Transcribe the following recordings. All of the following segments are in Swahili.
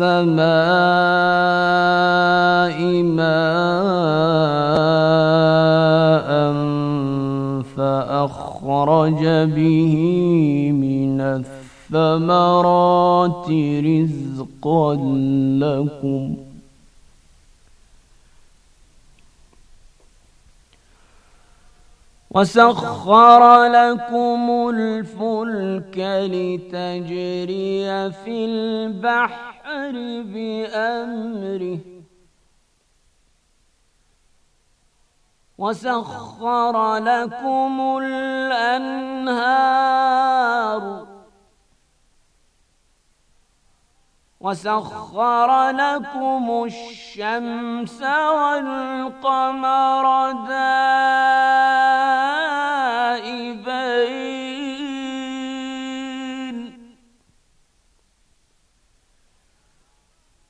السماء ماء فأخرج به من الثمرات رزقا لكم وسخر لكم الفلك لتجري في البحر الْأَمْرِ بأمره وسخر لكم الأنهار وسخر لكم الشمس والقمر دار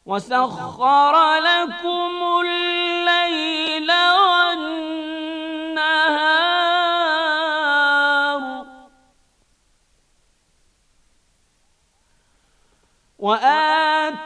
وسخر لكم الليل والنهار وآت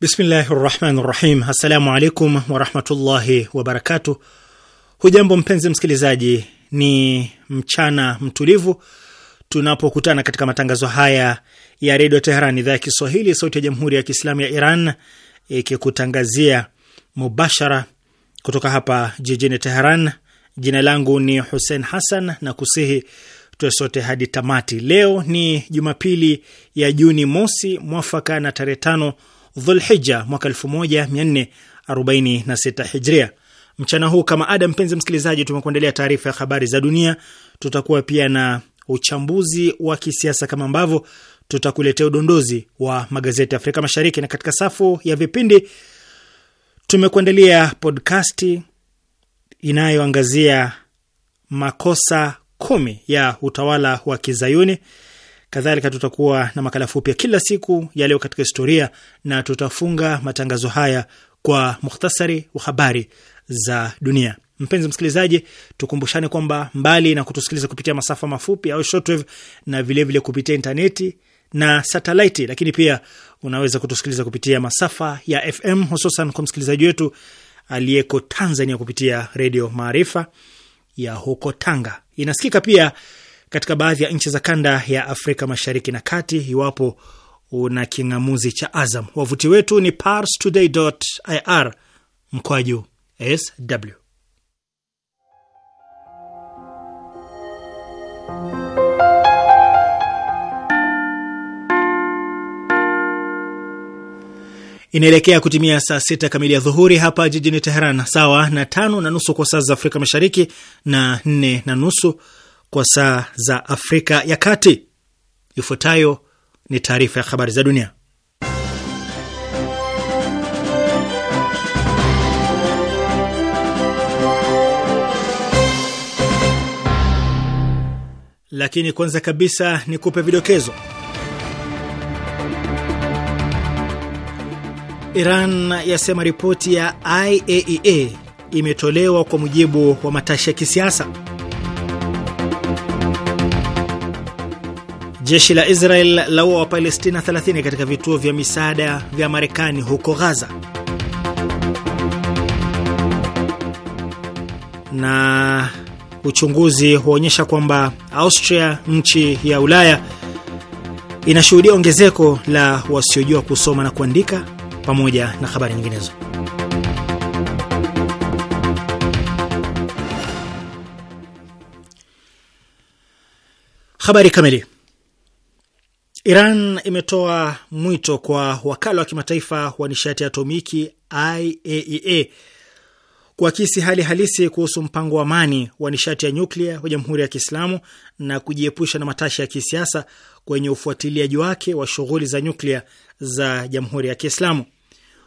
Bismillahi rahmani rahim. Assalamu alaikum warahmatullahi wabarakatu Hujambo mpenzi msikilizaji, ni mchana mtulivu tunapokutana katika matangazo haya ya redio Teheran, idhaa ya Kiswahili, sauti ya jamhuri ya kiislamu ya Iran, ikikutangazia mubashara kutoka hapa jijini Teheran. Jina langu ni Hussein Hassan na kusihi tuwe sote hadi tamati. Leo ni Jumapili ya Juni mosi mwafaka na tarehe tano Dhulhija mwaka 1446 Hijria. Mchana huu kama ada, mpenzi msikilizaji, tumekuandalia taarifa ya habari za dunia. Tutakuwa pia na uchambuzi wa kisiasa kama ambavyo tutakuletea udondozi wa magazeti ya Afrika Mashariki, na katika safu ya vipindi tumekuandalia podkasti inayoangazia makosa kumi ya utawala wa kizayuni Kadhalika tutakuwa na makala fupi ya kila siku ya leo katika historia, na tutafunga matangazo haya kwa mukhtasari wa habari za dunia. Mpenzi msikilizaji, tukumbushane kwamba mbali na kutusikiliza kupitia masafa mafupi au shortwave, na vilevile vile kupitia intaneti na satelaiti, lakini pia unaweza kutusikiliza kupitia masafa ya FM, hususan kwa msikilizaji wetu aliyeko Tanzania kupitia Redio Maarifa ya huko Tanga. Inasikika pia katika baadhi ya nchi za kanda ya Afrika Mashariki na Kati iwapo una king'amuzi cha Azam. Wavuti wetu ni parstoday.ir mkwaju sw. Inaelekea kutimia saa sita kamili ya dhuhuri hapa jijini Teheran, sawa na tano na nusu kwa saa za Afrika Mashariki na nne na nusu kwa saa za Afrika ya Kati. Ifuatayo ni taarifa ya habari za dunia, lakini kwanza kabisa ni kupe vidokezo. Iran yasema ripoti ya IAEA e imetolewa kwa mujibu wa matashi ya kisiasa. Jeshi la Israel laua Wapalestina 30 katika vituo vya misaada vya Marekani huko ghaza Na uchunguzi huonyesha kwamba Austria, nchi ya Ulaya, inashuhudia ongezeko la wasiojua kusoma na kuandika, pamoja na habari nyinginezo. Habari kamili Iran imetoa mwito kwa wakala wa kimataifa wa nishati ya atomiki IAEA e kuakisi hali halisi kuhusu mpango wa amani wa nishati ya nyuklia wa Jamhuri ya Kiislamu na kujiepusha na matashi ya kisiasa kwenye ufuatiliaji wake wa shughuli za nyuklia za Jamhuri ya Kiislamu.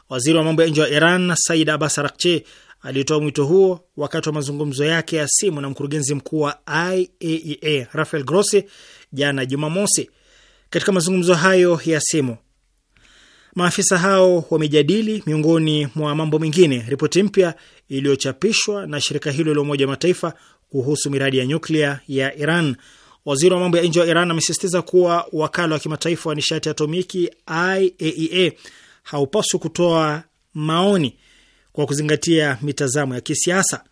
Waziri wa mambo ya nje wa Iran Said Abbas Araghchi alitoa mwito huo wakati wa mazungumzo yake ya simu na mkurugenzi mkuu wa IAEA e Rafael Grossi jana Jumamosi. Katika mazungumzo hayo ya simu, maafisa hao wamejadili miongoni mwa mambo mengine ripoti mpya iliyochapishwa na shirika hilo la Umoja Mataifa kuhusu miradi ya nyuklia ya Iran. Waziri wa mambo ya nje wa Iran amesisitiza kuwa wakala wa kimataifa wa nishati atomiki IAEA e haupaswi kutoa maoni kwa kuzingatia mitazamo ya kisiasa.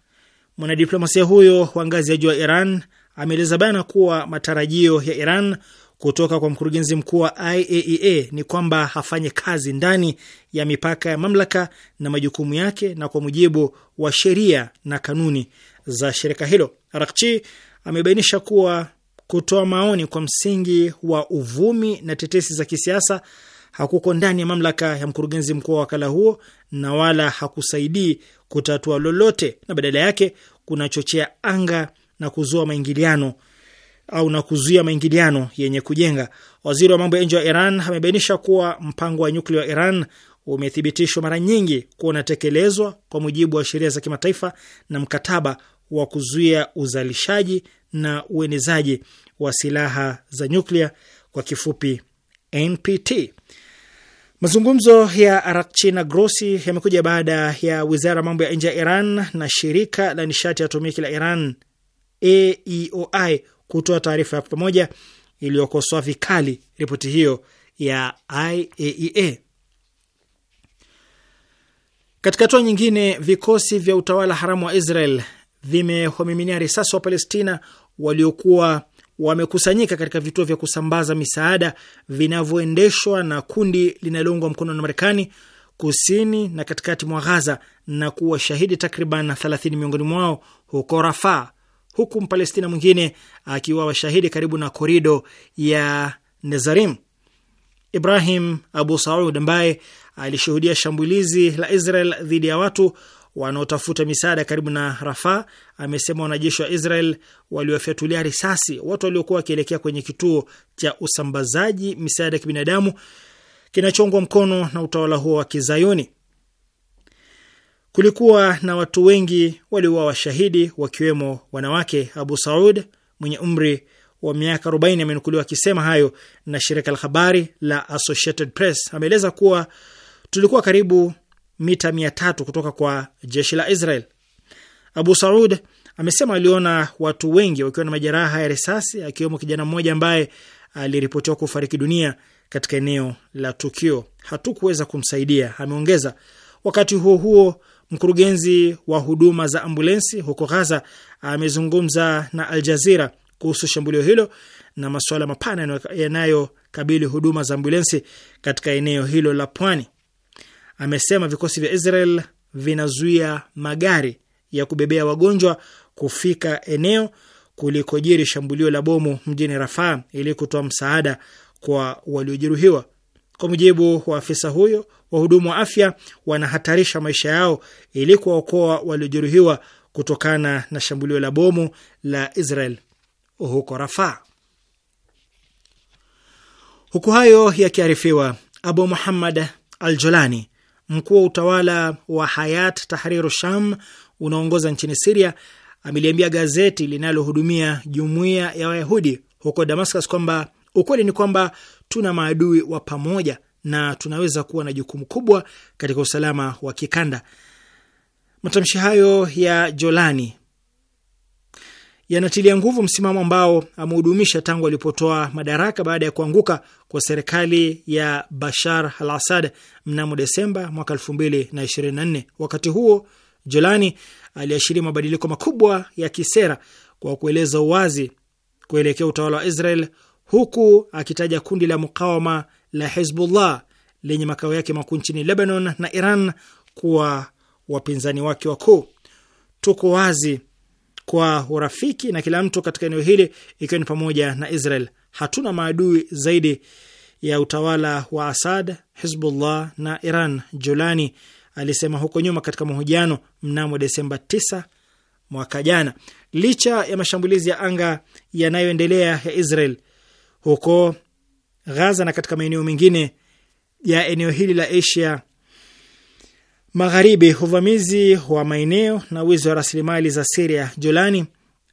Mwanadiplomasia huyo wa ngazi ya juu wa Iran ameeleza bayana kuwa matarajio ya Iran kutoka kwa mkurugenzi mkuu wa IAEA e ni kwamba hafanye kazi ndani ya mipaka ya mamlaka na majukumu yake na kwa mujibu wa sheria na kanuni za shirika hilo. rakchi amebainisha kuwa kutoa maoni kwa msingi wa uvumi na tetesi za kisiasa hakuko ndani ya mamlaka ya mkurugenzi mkuu wa wakala huo na wala hakusaidii kutatua lolote, na badala yake kunachochea anga na kuzua maingiliano au na kuzuia maingiliano yenye kujenga. Waziri wa mambo ya nje wa Iran amebainisha kuwa mpango wa nyuklia wa Iran umethibitishwa mara nyingi kuwa unatekelezwa kwa mujibu wa sheria za kimataifa na mkataba wa kuzuia uzalishaji na uenezaji wa silaha za nyuklia kwa kifupi NPT. Mazungumzo ya Arakchi na Grossi yamekuja baada ya wizara ya mambo ya nje ya Iran na shirika la nishati ya atomiki la Iran AEOI kutoa taarifa ya pamoja iliyokosoa vikali ripoti hiyo ya IAEA. E katika hatua nyingine, vikosi vya utawala haramu wa Israel vimewamiminia risasi wa Palestina waliokuwa wamekusanyika katika vituo vya kusambaza misaada vinavyoendeshwa na kundi linaloungwa mkono na Marekani kusini na katikati mwa Ghaza na kuwa shahidi takriban 30 miongoni mwao huko Rafaa huku Mpalestina mwingine akiwa washahidi karibu na korido ya Nezarim. Ibrahim Abu Saud ambaye alishuhudia shambulizi la Israel dhidi ya watu wanaotafuta misaada karibu na Rafa amesema wanajeshi wa Israel waliofyatulia risasi watu waliokuwa wakielekea kwenye kituo cha usambazaji misaada ya kibinadamu kinachoungwa mkono na utawala huo wa Kizayuni. Kulikuwa na watu wengi waliuawa washahidi, wakiwemo wanawake. Abu Saud mwenye umri wa miaka 40 amenukuliwa akisema hayo na shirika la habari la Associated Press. Ameeleza kuwa tulikuwa karibu mita 3 kutoka kwa jeshi la Israel. Abu Saud amesema aliona watu wengi wakiwa na majeraha ya risasi, akiwemo kijana mmoja ambaye aliripotiwa kufariki dunia katika eneo la tukio. Hatukuweza kumsaidia, ameongeza. Wakati huo huo, Mkurugenzi wa huduma za ambulensi huko Ghaza amezungumza na Al Jazira kuhusu shambulio hilo na masuala mapana yanayokabili huduma za ambulensi katika eneo hilo la pwani. Amesema vikosi vya Israel vinazuia magari ya kubebea wagonjwa kufika eneo kulikojiri shambulio la bomu mjini Rafaa ili kutoa msaada kwa waliojeruhiwa. Kwa mujibu wa afisa huyo, wahudumu wa afya wanahatarisha maisha yao ili kuwaokoa waliojeruhiwa kutokana na shambulio la bomu la Israel huko Rafaa. Huku hayo yakiarifiwa, Abu Muhammad al Jolani, mkuu wa utawala wa Hayat Tahriru Sham unaoongoza nchini Siria, ameliambia gazeti linalohudumia jumuiya ya Wayahudi huko Damascus kwamba ukweli ni kwamba tuna maadui wa pamoja na tunaweza kuwa na jukumu kubwa katika usalama wa kikanda. Matamshi hayo ya Jolani yanatilia nguvu msimamo ambao amehudumisha tangu alipotoa madaraka baada ya kuanguka kwa serikali ya Bashar al Assad mnamo Desemba mwaka nne. Wakati huo Jolani aliashiria mabadiliko makubwa ya kisera kwa kueleza uwazi kuelekea utawala wa Israel huku akitaja kundi la mukawama la Hezbullah lenye makao yake makuu nchini Lebanon na Iran kuwa wapinzani wake wakuu. Tuko wazi kwa urafiki na kila mtu katika eneo hili, ikiwa ni pamoja na Israel. Hatuna maadui zaidi ya utawala wa Asad, Hizbullah na Iran, Jolani alisema huko nyuma katika mahojiano mnamo Desemba 9 mwaka jana. Licha ya mashambulizi ya anga yanayoendelea ya Israel huko Gaza na katika maeneo mengine ya eneo hili la Asia Magharibi. Uvamizi wa maeneo na wizi wa rasilimali za Siria. Jolani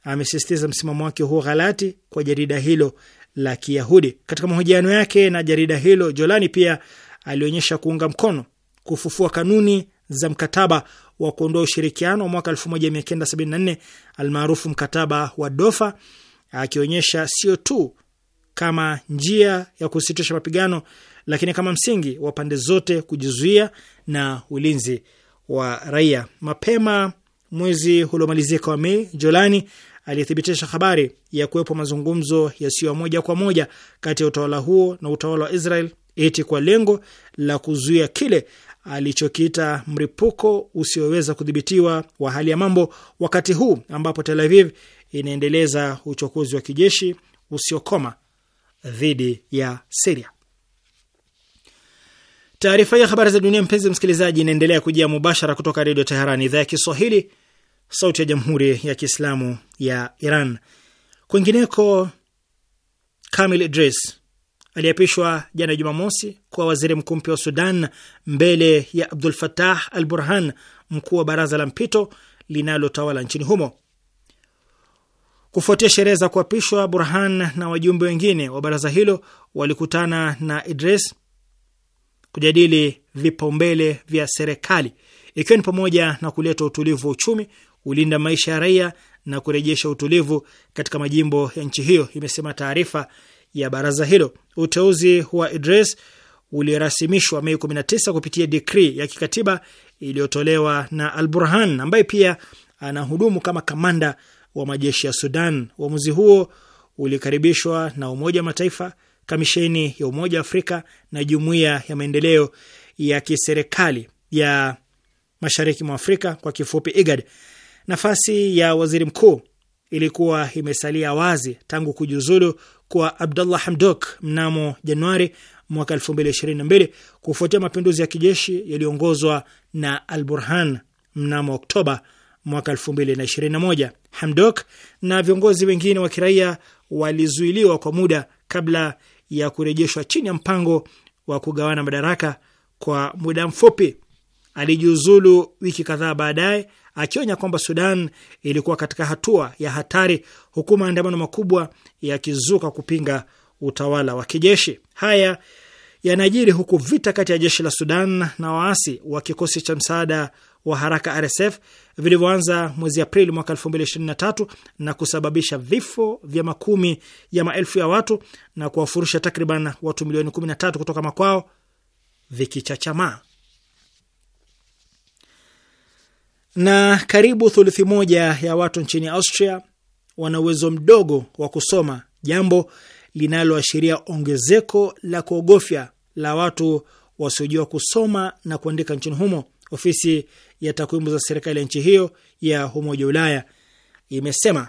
amesisitiza msimamo wake huo ghalati kwa jarida hilo la Kiyahudi. Katika mahojiano yake na jarida hilo, Jolani pia alionyesha kuunga mkono kufufua kanuni za mkataba wa kuondoa ushirikiano wa mwaka 1974 almaarufu mkataba wa Dofa, akionyesha sio tu kama njia ya kusitisha mapigano, lakini kama msingi wa pande zote kujizuia na ulinzi wa raia. Mapema mwezi uliomalizika wa Mei, Jolani alithibitisha habari ya kuwepo mazungumzo yasiyo moja kwa moja kati ya utawala huo na utawala wa Israel eti kwa lengo la kuzuia kile alichokiita mripuko usioweza kudhibitiwa wa hali ya mambo, wakati huu ambapo Tel Aviv inaendeleza uchokozi wa kijeshi usiokoma dhidi ya Siria. Taarifa ya habari za dunia, mpenzi msikilizaji, inaendelea kujia mubashara kutoka Redio Teheran, idhaa ya Kiswahili, sauti ya Jamhuri ya Kiislamu ya Iran. Kwingineko, Kamil Idris aliapishwa jana Jumamosi kuwa waziri mkuu mpya wa Sudan mbele ya Abdul Fatah al Burhan, mkuu wa baraza la mpito linalotawala nchini humo. Kufuatia sherehe za kuapishwa, Burhan na wajumbe wengine wa baraza hilo walikutana na Idris kujadili vipaumbele vya serikali ikiwa ni pamoja na kuleta utulivu wa uchumi, kulinda maisha ya raia na kurejesha utulivu katika majimbo ya nchi hiyo, imesema taarifa ya baraza hilo. Uteuzi wa Idris ulirasimishwa Mei 19 kupitia dikri ya kikatiba iliyotolewa na Al Burhan ambaye pia anahudumu kama kamanda wa majeshi ya Sudan. Uamuzi huo ulikaribishwa na Umoja wa Mataifa, Kamisheni ya Umoja wa Afrika na Jumuiya ya Maendeleo ya Kiserikali ya Mashariki mwa Afrika, kwa kifupi IGAD. Nafasi ya waziri mkuu ilikuwa imesalia wazi tangu kujiuzulu kwa Abdullah Hamdok mnamo Januari mwaka 2022 kufuatia mapinduzi ya kijeshi yaliyoongozwa na Al Burhan mnamo Oktoba mwaka 2021. Hamdok na viongozi wengine wa kiraia walizuiliwa kwa muda kabla ya kurejeshwa chini ya mpango wa kugawana madaraka kwa muda mfupi. Alijiuzulu wiki kadhaa baadaye akionya kwamba Sudan ilikuwa katika hatua ya hatari, huku maandamano makubwa yakizuka kupinga utawala wa kijeshi. Haya yanajiri huku vita kati ya jeshi la Sudan na waasi wa kikosi cha msaada wa haraka RSF vilivyoanza mwezi Aprili mwaka 2023 na kusababisha vifo vya makumi ya maelfu ya watu na kuwafurusha takriban watu milioni 13 kutoka makwao vikichachamaa. Na karibu thuluthi moja ya watu nchini Austria wana uwezo mdogo wa kusoma, jambo linaloashiria ongezeko la kuogofya la watu wasiojua kusoma na kuandika nchini humo. Ofisi ya takwimu za serikali ya nchi hiyo ya Umoja wa Ulaya imesema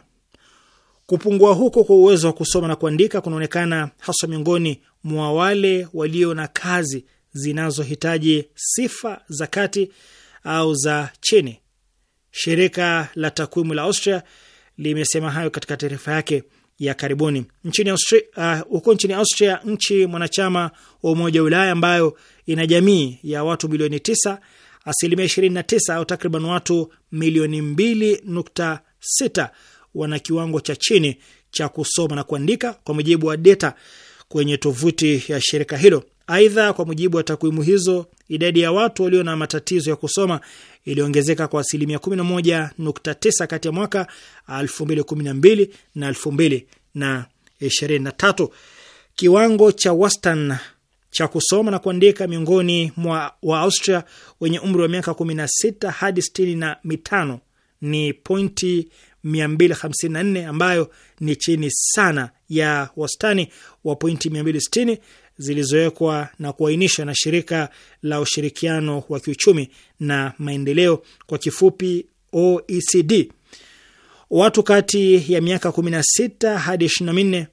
kupungua huko kwa uwezo wa kusoma na kuandika kunaonekana hasa miongoni mwa wale walio na kazi zinazohitaji sifa za kati au za chini. Shirika la takwimu la Austria limesema hayo katika taarifa yake ya karibuni. Nchini Austria, uh, nchini Austria, nchi mwanachama wa Umoja wa Ulaya ambayo ina jamii ya watu bilioni tisa Asilimia 29 au takriban watu milioni 2.6 wana kiwango cha chini cha kusoma na kuandika kwa mujibu wa data kwenye tovuti ya shirika hilo. Aidha, kwa mujibu wa takwimu hizo, idadi ya watu walio na matatizo ya kusoma iliongezeka kwa asilimia 11.9 kati ya mwaka 2012 na 2023. Kiwango cha wastani cha kusoma na kuandika miongoni mwa Waaustria wenye umri wa miaka 16 hadi 65 ni pointi 254 ambayo ni chini sana ya wastani wa pointi 260 zilizowekwa na kuainishwa na shirika la ushirikiano wa kiuchumi na maendeleo kwa kifupi OECD. Watu kati ya miaka 16 hadi minne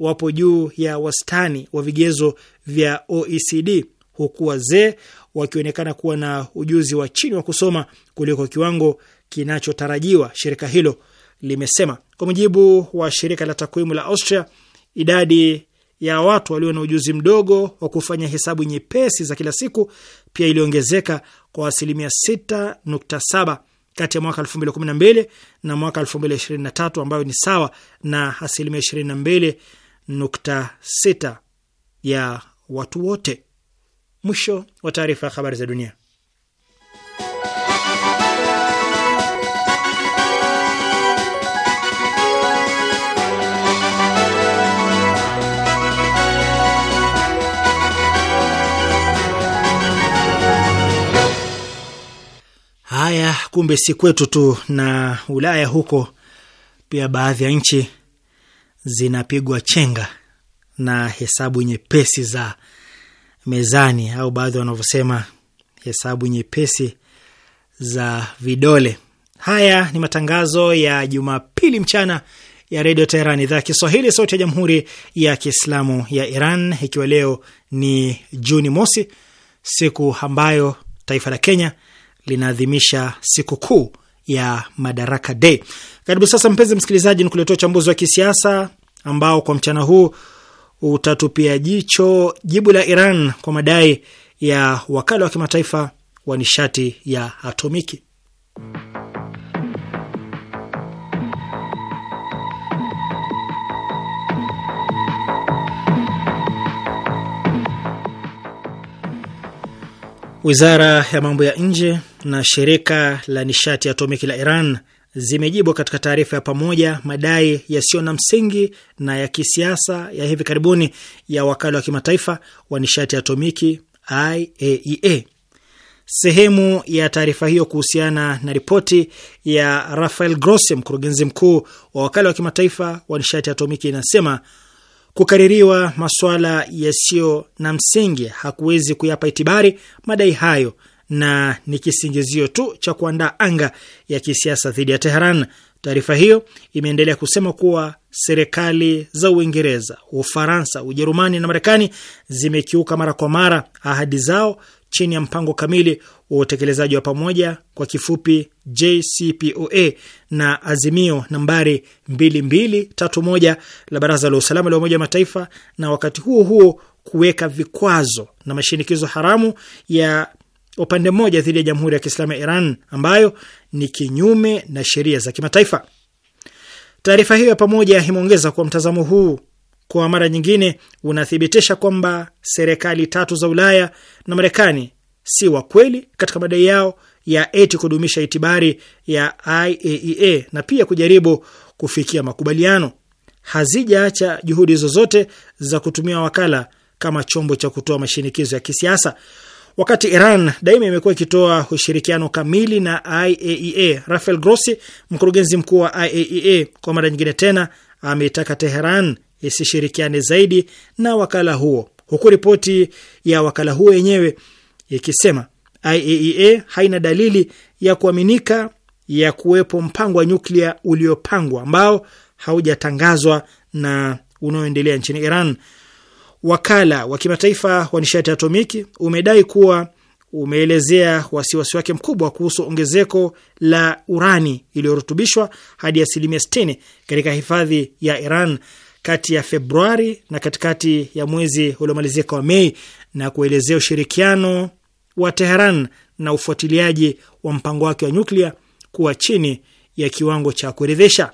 wapo juu ya wastani wa vigezo vya OECD huku wazee wakionekana kuwa na ujuzi wa chini wa kusoma kuliko kiwango kinachotarajiwa, shirika hilo limesema. Kwa mujibu wa shirika la takwimu la Austria, idadi ya watu walio na ujuzi mdogo wa kufanya hesabu nyepesi za kila siku pia iliongezeka kwa asilimia 6.7 kati ya mwaka 2012 na mwaka 2023 ambayo ni sawa na asilimia 22 nukta sita ya watu wote. Mwisho wa taarifa ya habari za dunia. Haya, kumbe si kwetu tu na Ulaya, huko pia baadhi ya nchi zinapigwa chenga na hesabu nyepesi za mezani, au baadhi wanavyosema hesabu nyepesi za vidole. Haya ni matangazo ya Jumapili mchana ya Redio Teheran, idhaa ya Kiswahili, sauti ya Jamhuri ya Kiislamu ya Iran, ikiwa leo ni Juni mosi, siku ambayo taifa la Kenya linaadhimisha siku kuu ya Madaraka Day. Karibu sasa, mpenzi msikilizaji, ni kuletea uchambuzi wa kisiasa ambao kwa mchana huu utatupia jicho jibu la Iran kwa madai ya wakala wa kimataifa wa nishati ya atomiki. Wizara ya mambo ya nje na shirika la nishati ya atomiki la Iran zimejibwa katika taarifa ya pamoja madai yasiyo na msingi na ya kisiasa ya hivi karibuni ya wakala wa kimataifa wa nishati ya atomiki IAEA. E Sehemu ya taarifa hiyo kuhusiana na ripoti ya Rafael Grossi, mkurugenzi mkuu wa wakala wa kimataifa wa nishati ya atomiki, inasema kukaririwa masuala yasiyo na msingi hakuwezi kuyapa itibari madai hayo na ni kisingizio tu cha kuandaa anga ya kisiasa dhidi ya Teheran. Taarifa hiyo imeendelea kusema kuwa serikali za Uingereza, Ufaransa, Ujerumani na Marekani zimekiuka mara kwa mara ahadi zao chini ya mpango kamili wa utekelezaji wa pamoja, kwa kifupi JCPOA, na azimio nambari 2231 la Baraza la Usalama la Umoja wa Mataifa, na wakati huo huo kuweka vikwazo na mashinikizo haramu ya upande mmoja dhidi ya Jamhuri ya Kiislamu ya Iran ambayo ni kinyume na sheria za kimataifa. Taarifa hiyo ya pamoja imeongeza kuwa mtazamo huu kwa mara nyingine unathibitisha kwamba serikali tatu za Ulaya na Marekani si wa kweli katika madai yao ya eti kudumisha itibari ya IAEA e na pia kujaribu kufikia makubaliano. Hazijaacha juhudi zozote za kutumia wakala kama chombo cha kutoa mashinikizo ya kisiasa. Wakati Iran daima imekuwa ikitoa ushirikiano kamili na IAEA, e Rafael Grossi, mkurugenzi mkuu wa IAEA, e kwa mara nyingine tena ameitaka Teheran isishirikiane zaidi na wakala huo, huku ripoti ya wakala huo yenyewe ikisema IAEA e haina dalili ya kuaminika ya kuwepo mpango wa nyuklia uliopangwa ambao haujatangazwa na unaoendelea nchini Iran wakala wa kimataifa wa nishati ya atomiki umedai kuwa umeelezea wasiwasi wake mkubwa kuhusu ongezeko la urani iliyorutubishwa hadi asilimia 60 katika hifadhi ya Iran kati ya Februari na katikati ya mwezi uliomalizika wa Mei na kuelezea ushirikiano wa Teheran na ufuatiliaji wa mpango wake wa nyuklia kuwa chini ya kiwango cha kuridhisha.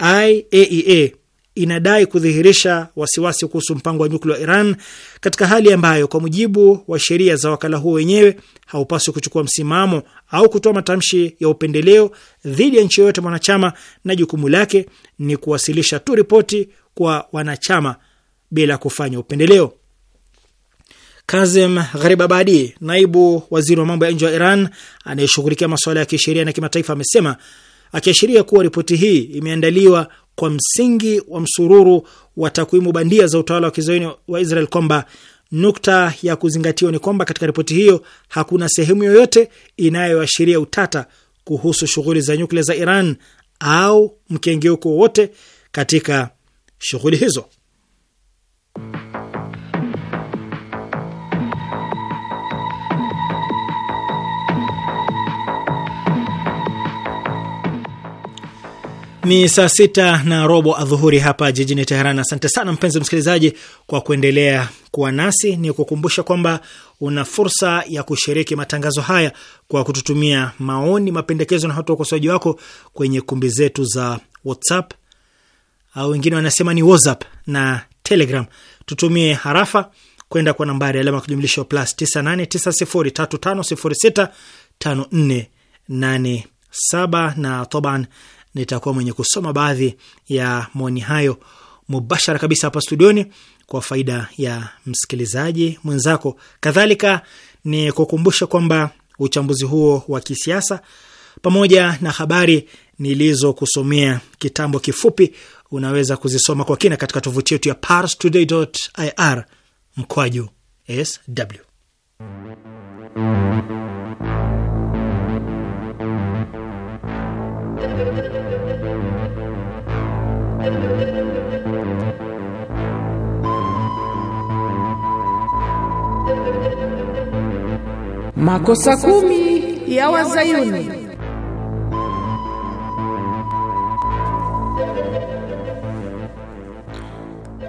IAEA e inadai kudhihirisha wasiwasi kuhusu mpango wa nyuklia wa Iran katika hali ambayo kwa mujibu wa sheria za wakala huo wenyewe haupaswi kuchukua msimamo au kutoa matamshi ya upendeleo dhidi ya nchi yoyote mwanachama, na jukumu lake ni kuwasilisha tu ripoti kwa wanachama bila kufanya upendeleo. Kazem Gharibabadi, naibu waziri wa mambo ya nje wa Iran anayeshughulikia masuala ya kisheria na kimataifa, amesema akiashiria kuwa ripoti hii imeandaliwa kwa msingi wa msururu wa takwimu bandia za utawala wa kizayuni wa Israel kwamba nukta ya kuzingatiwa ni kwamba katika ripoti hiyo hakuna sehemu yoyote inayoashiria utata kuhusu shughuli za nyuklia za Iran au mkengeuko wowote katika shughuli hizo. Ni saa sita na robo adhuhuri hapa jijini Teheran. Asante sana mpenzi msikilizaji kwa kuendelea kuwa nasi. Ni kukumbusha kwamba una fursa ya kushiriki matangazo haya kwa kututumia maoni, mapendekezo na hata ukosoaji wako kwenye kumbi zetu za WhatsApp au wengine wanasema ni WhatsApp na Telegram. Tutumie harafa kwenda kwa nambari alama ya kujumlisha plus 989035065487 na toban nitakuwa mwenye kusoma baadhi ya maoni hayo mubashara kabisa hapa studioni kwa faida ya msikilizaji mwenzako. Kadhalika ni kukumbusha kwamba uchambuzi huo wa kisiasa pamoja na habari nilizokusomea kitambo kifupi unaweza kuzisoma kwa kina katika tovuti yetu ya parstoday.ir mkwaju sw Makosa kumi ya Wazayuni.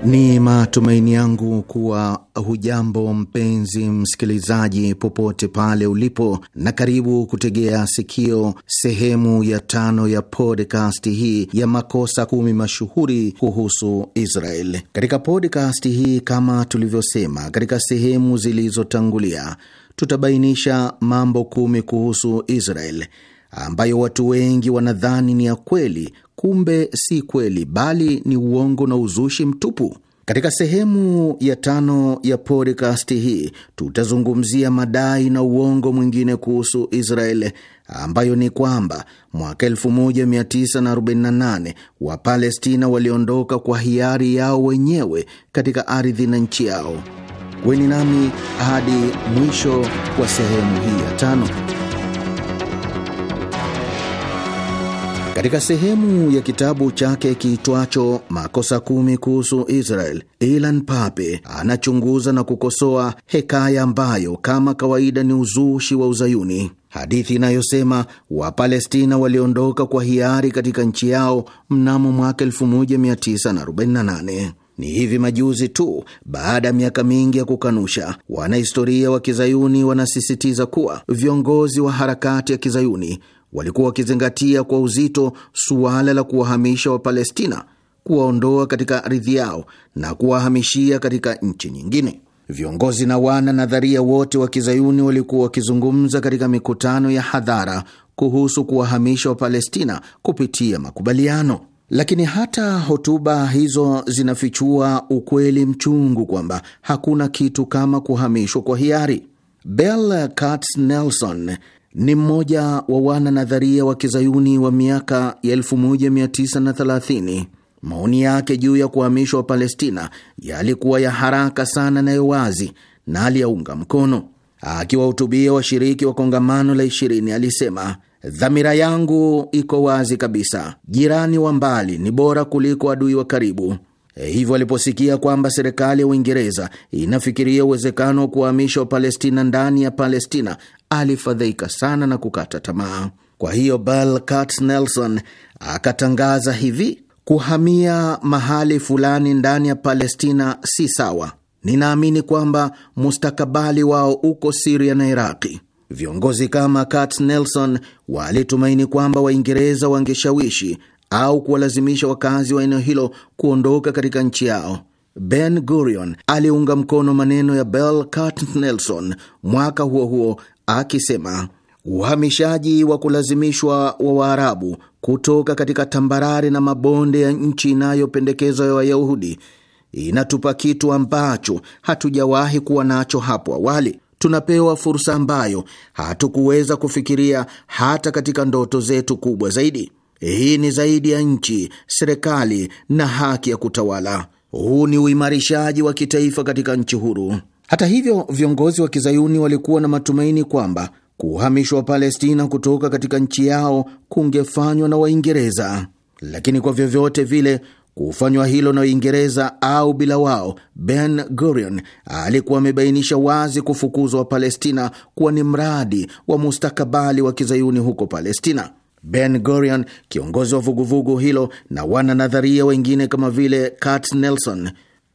Ni matumaini yangu kuwa hujambo mpenzi msikilizaji, popote pale ulipo, na karibu kutegea sikio sehemu ya tano ya podcast hii ya makosa kumi mashuhuri kuhusu Israel. Katika podcast hii, kama tulivyosema katika sehemu zilizotangulia, tutabainisha mambo kumi kuhusu Israel ambayo watu wengi wanadhani ni ya kweli kumbe si kweli, bali ni uongo na uzushi mtupu. Katika sehemu ya tano ya podcast hii tutazungumzia madai na uongo mwingine kuhusu Israel ambayo ni kwamba mwaka 1948 Wapalestina waliondoka kwa hiari yao wenyewe katika ardhi na nchi yao. Kweni nami hadi mwisho wa sehemu hii ya tano. Katika sehemu ya kitabu chake kiitwacho makosa kumi kuhusu Israel, Ilan Pape anachunguza na kukosoa hekaya ambayo kama kawaida ni uzushi wa uzayuni, hadithi inayosema Wapalestina waliondoka kwa hiari katika nchi yao mnamo mwaka 1948. Ni hivi majuzi tu, baada ya miaka mingi ya kukanusha, wanahistoria wa kizayuni wanasisitiza kuwa viongozi wa harakati ya kizayuni walikuwa wakizingatia kwa uzito suala la kuwahamisha Wapalestina, kuwaondoa katika ardhi yao na kuwahamishia katika nchi nyingine. Viongozi na wana nadharia wote wa kizayuni walikuwa wakizungumza katika mikutano ya hadhara kuhusu kuwahamisha Wapalestina kupitia makubaliano. Lakini hata hotuba hizo zinafichua ukweli mchungu kwamba hakuna kitu kama kuhamishwa kwa hiari. Bell Katz Nelson ni mmoja wa wana nadharia wa kizayuni wa miaka ya 1930. Maoni yake juu ya kuhamishwa wa Palestina yalikuwa ya haraka sana na wazi na aliyaunga mkono. Akiwahutubia washiriki wa kongamano la ishirini alisema, dhamira yangu iko wazi kabisa, jirani wa mbali ni bora kuliko adui wa karibu. E, hivyo aliposikia kwamba serikali ya Uingereza inafikiria uwezekano wa kuhamisha Wapalestina ndani ya Palestina, alifadhaika sana na kukata tamaa. Kwa hiyo Bal Kat Nelson akatangaza hivi: kuhamia mahali fulani ndani ya Palestina si sawa. Ninaamini kwamba mustakabali wao uko Siria na Iraqi. Viongozi kama Kat Nelson walitumaini kwamba Waingereza wangeshawishi au kuwalazimisha wakazi wa eneo hilo kuondoka katika nchi yao. Ben Gurion aliunga mkono maneno ya Bell cart Nelson mwaka huo huo akisema uhamishaji wa kulazimishwa wa Waarabu kutoka katika tambarare na mabonde ya nchi inayopendekezwa ya Wayahudi inatupa kitu ambacho hatujawahi kuwa nacho hapo awali. Tunapewa fursa ambayo hatukuweza kufikiria hata katika ndoto zetu kubwa zaidi. Hii ni zaidi ya nchi, serikali na haki ya kutawala. Huu ni uimarishaji wa kitaifa katika nchi huru. Hata hivyo, viongozi wa kizayuni walikuwa na matumaini kwamba kuhamishwa Wapalestina kutoka katika nchi yao kungefanywa na Waingereza, lakini kwa vyovyote vile kufanywa hilo na Uingereza au bila wao, Ben Gurion alikuwa amebainisha wazi kufukuzwa Wapalestina kuwa ni mradi wa mustakabali wa kizayuni huko Palestina. Ben Gurion, kiongozi wa vuguvugu hilo, na wananadharia wengine kama vile Kurt Nelson,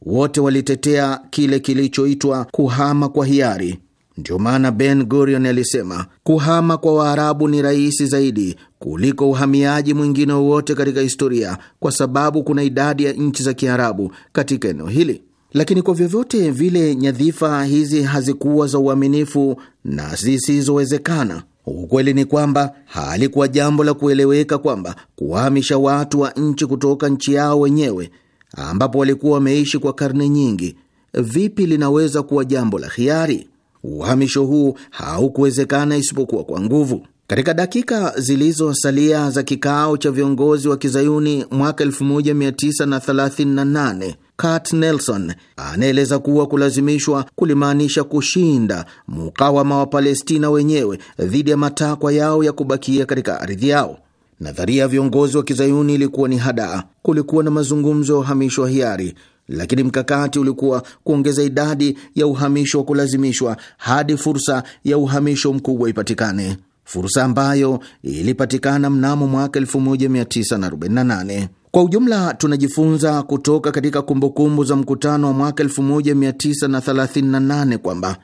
wote walitetea kile kilichoitwa kuhama kwa hiari. Ndiyo maana Ben Gurion alisema kuhama kwa Waarabu ni rahisi zaidi kuliko uhamiaji mwingine wowote katika historia, kwa sababu kuna idadi ya nchi za Kiarabu katika eneo hili. Lakini kwa vyovyote vile, nyadhifa hizi hazikuwa za uaminifu na zisizowezekana. Ukweli ni kwamba halikuwa jambo la kueleweka kwamba kuwahamisha watu wa nchi kutoka nchi yao wenyewe ambapo walikuwa wameishi kwa karne nyingi, vipi linaweza kuwa jambo la hiari? Uhamisho huu haukuwezekana isipokuwa kwa nguvu. Katika dakika zilizosalia za kikao cha viongozi wa kizayuni mwaka 1938 Kurt Nelson anaeleza kuwa kulazimishwa kulimaanisha kushinda mukawama wa Palestina wenyewe dhidi ya matakwa yao ya kubakia katika ardhi yao. Nadharia ya viongozi wa kizayuni ilikuwa ni hadaa. Kulikuwa na mazungumzo ya uhamisho wa hiari, lakini mkakati ulikuwa kuongeza idadi ya uhamisho wa kulazimishwa hadi fursa ya uhamisho mkubwa ipatikane fursa ambayo ilipatikana mnamo mwaka 1948. Kwa ujumla tunajifunza kutoka katika kumbukumbu za mkutano wa mwaka 1938 kwamba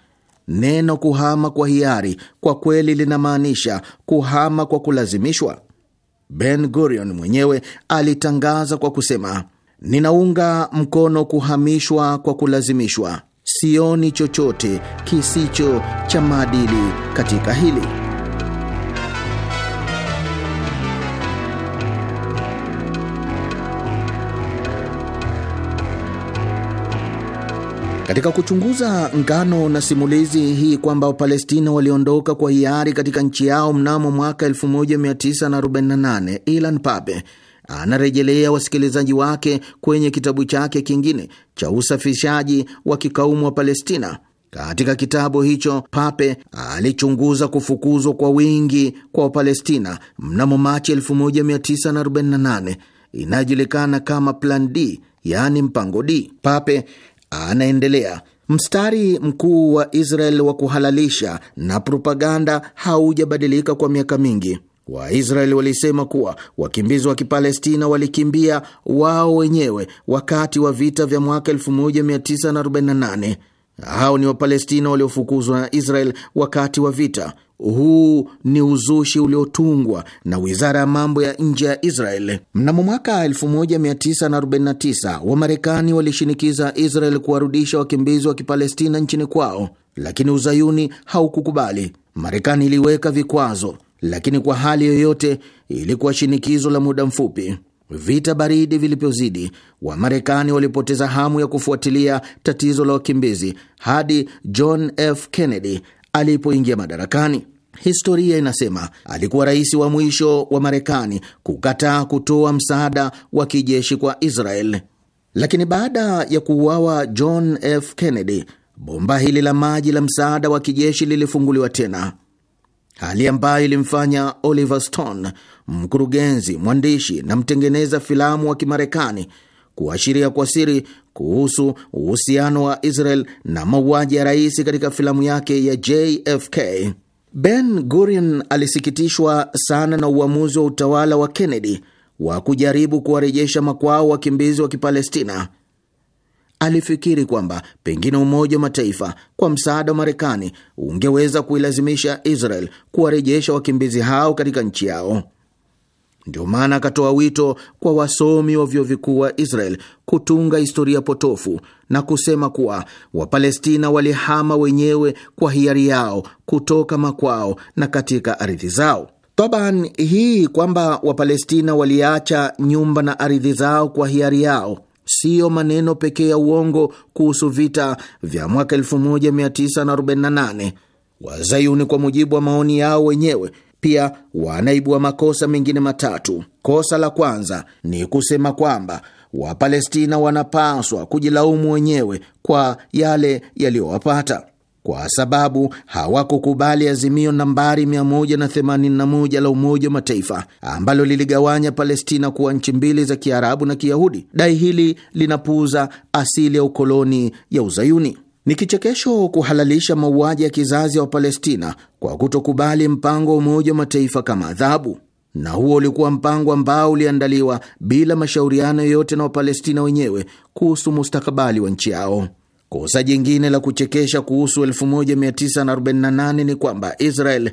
neno kuhama kwa hiari kwa kweli linamaanisha kuhama kwa kulazimishwa. Ben Gurion mwenyewe alitangaza kwa kusema, ninaunga mkono kuhamishwa kwa kulazimishwa, sioni chochote kisicho cha maadili katika hili. Katika kuchunguza ngano na simulizi hii kwamba Wapalestina waliondoka kwa hiari katika nchi yao mnamo mwaka 1948 Ilan Pape anarejelea wasikilizaji wake kwenye kitabu chake kingine cha usafishaji wa kikaumu wa Palestina. Katika kitabu hicho Pape alichunguza kufukuzwa kwa wingi kwa Wapalestina mnamo Machi 1948 inayojulikana kama Plan D, yaani mpango D. Pape Anaendelea, mstari mkuu wa Israel wa kuhalalisha na propaganda haujabadilika kwa miaka mingi. Waisraeli walisema kuwa wakimbizi wa Kipalestina walikimbia wao wenyewe wakati wa vita vya mwaka 1948 hao ni Wapalestina waliofukuzwa na Israel wakati wa vita. Huu ni uzushi uliotungwa na wizara ya mambo ya nje ya Israel. Mnamo mwaka 1949 Wamarekani walishinikiza Israel kuwarudisha wakimbizi wa Kipalestina nchini kwao, lakini uzayuni haukukubali. Marekani iliweka vikwazo, lakini kwa hali yoyote ilikuwa shinikizo la muda mfupi. Vita baridi vilipyozidi Wamarekani walipoteza hamu ya kufuatilia tatizo la wakimbizi hadi John F. Kennedy alipoingia madarakani. Historia inasema alikuwa rais wa mwisho wa Marekani kukataa kutoa msaada wa kijeshi kwa Israel. Lakini baada ya kuuawa John F. Kennedy, bomba hili la maji la msaada wa kijeshi lilifunguliwa tena hali ambayo ilimfanya Oliver Stone, mkurugenzi, mwandishi na mtengeneza filamu wa Kimarekani, kuashiria kwa siri kuhusu uhusiano wa Israel na mauaji ya rais katika filamu yake ya JFK. Ben Gurion alisikitishwa sana na uamuzi wa utawala wa Kennedy wa kujaribu kuwarejesha makwao wakimbizi wa Kipalestina alifikiri kwamba pengine Umoja wa Mataifa kwa msaada wa Marekani ungeweza kuilazimisha Israel kuwarejesha wakimbizi hao katika nchi yao. Ndio maana akatoa wito kwa wasomi wa vyuo vikuu wa Israel kutunga historia potofu na kusema kuwa Wapalestina walihama wenyewe kwa hiari yao kutoka makwao na katika ardhi zao. Taban, hii kwamba Wapalestina waliacha nyumba na ardhi zao kwa hiari yao siyo maneno pekee ya uongo kuhusu vita vya mwaka 1948. Wazayuni, kwa mujibu wa maoni yao wenyewe, pia wanaibua makosa mengine matatu. Kosa la kwanza ni kusema kwamba Wapalestina wanapaswa kujilaumu wenyewe kwa yale yaliyowapata kwa sababu hawakukubali azimio nambari 181 la Umoja wa Mataifa ambalo liligawanya Palestina kuwa nchi mbili za Kiarabu na Kiyahudi. Dai hili linapuuza asili ya ukoloni ya Uzayuni. Ni kichekesho kuhalalisha mauaji ya kizazi ya Wapalestina kwa kutokubali mpango wa Umoja wa Mataifa kama adhabu, na huo ulikuwa mpango ambao uliandaliwa bila mashauriano yoyote na Wapalestina wenyewe kuhusu mustakabali wa nchi yao. Kosa jingine la kuchekesha kuhusu 1948 ni kwamba Israel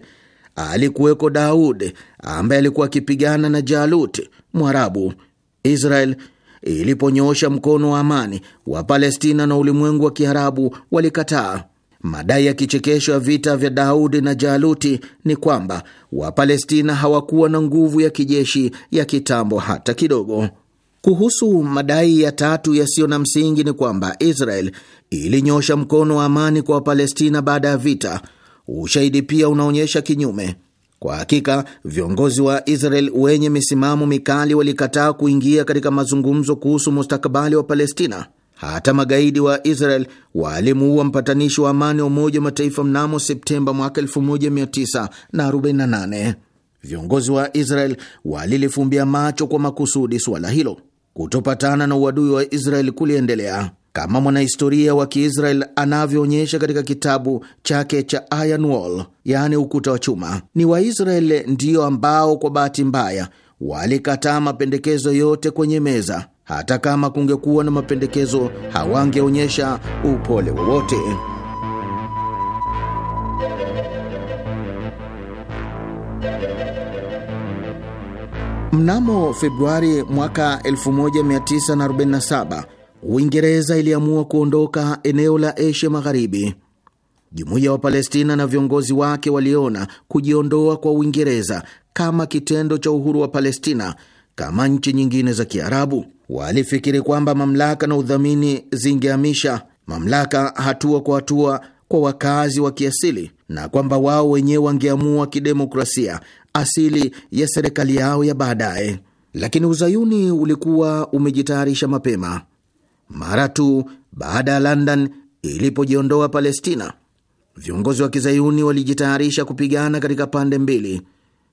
alikuweko Daud ambaye alikuwa akipigana na Jalut Mwarabu. Israel iliponyoosha mkono wa amani wa Palestina na ulimwengu wa Kiarabu walikataa. Madai ya kichekesho ya vita vya Daudi na Jaluti ni kwamba Wapalestina hawakuwa na nguvu ya kijeshi ya kitambo hata kidogo. Kuhusu madai ya tatu yasiyo na msingi ni kwamba Israel ilinyosha mkono wa amani kwa Wapalestina baada ya vita. Ushahidi pia unaonyesha kinyume. Kwa hakika viongozi wa Israel wenye misimamo mikali walikataa kuingia katika mazungumzo kuhusu mustakabali wa Palestina. Hata magaidi wa Israel walimuua mpatanishi wa amani wa Umoja wa Mataifa mnamo Septemba mwaka 1948. Viongozi wa Israel walilifumbia macho kwa makusudi suala hilo. Kutopatana na uadui wa Israel kuliendelea kama mwanahistoria wa Kiisrael anavyoonyesha katika kitabu chake cha Iron Wall, yaani ukuta wa chuma. Ni Waisraeli ndiyo ambao kwa bahati mbaya walikataa mapendekezo yote kwenye meza. Hata kama kungekuwa na mapendekezo, hawangeonyesha upole wowote. Mnamo Februari mwaka 1947 Uingereza iliamua kuondoka eneo la Asia Magharibi. Jumuiya wa palestina na viongozi wake waliona kujiondoa kwa Uingereza kama kitendo cha uhuru wa Palestina kama nchi nyingine za Kiarabu. Walifikiri kwamba mamlaka na udhamini zingehamisha mamlaka hatua kwa hatua kwa wakazi wa kiasili na kwamba wao wenyewe wangeamua kidemokrasia asili ya serikali yao ya baadaye, lakini uzayuni ulikuwa umejitayarisha mapema. Mara tu baada ya London ilipojiondoa Palestina, viongozi wa kizayuni walijitayarisha kupigana katika pande mbili,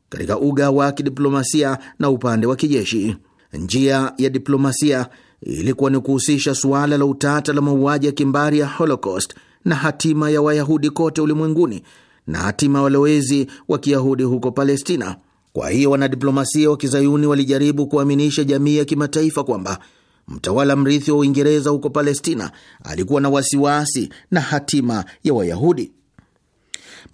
katika uga wa kidiplomasia na upande wa kijeshi. Njia ya diplomasia ilikuwa ni kuhusisha suala la utata la mauaji ya kimbari ya Holocaust na hatima ya Wayahudi kote ulimwenguni na hatima walowezi wa Kiyahudi huko Palestina. Kwa hiyo wanadiplomasia wa kizayuni walijaribu kuaminisha jamii ya kimataifa kwamba mtawala mrithi wa Uingereza huko Palestina alikuwa na wasiwasi na hatima ya Wayahudi.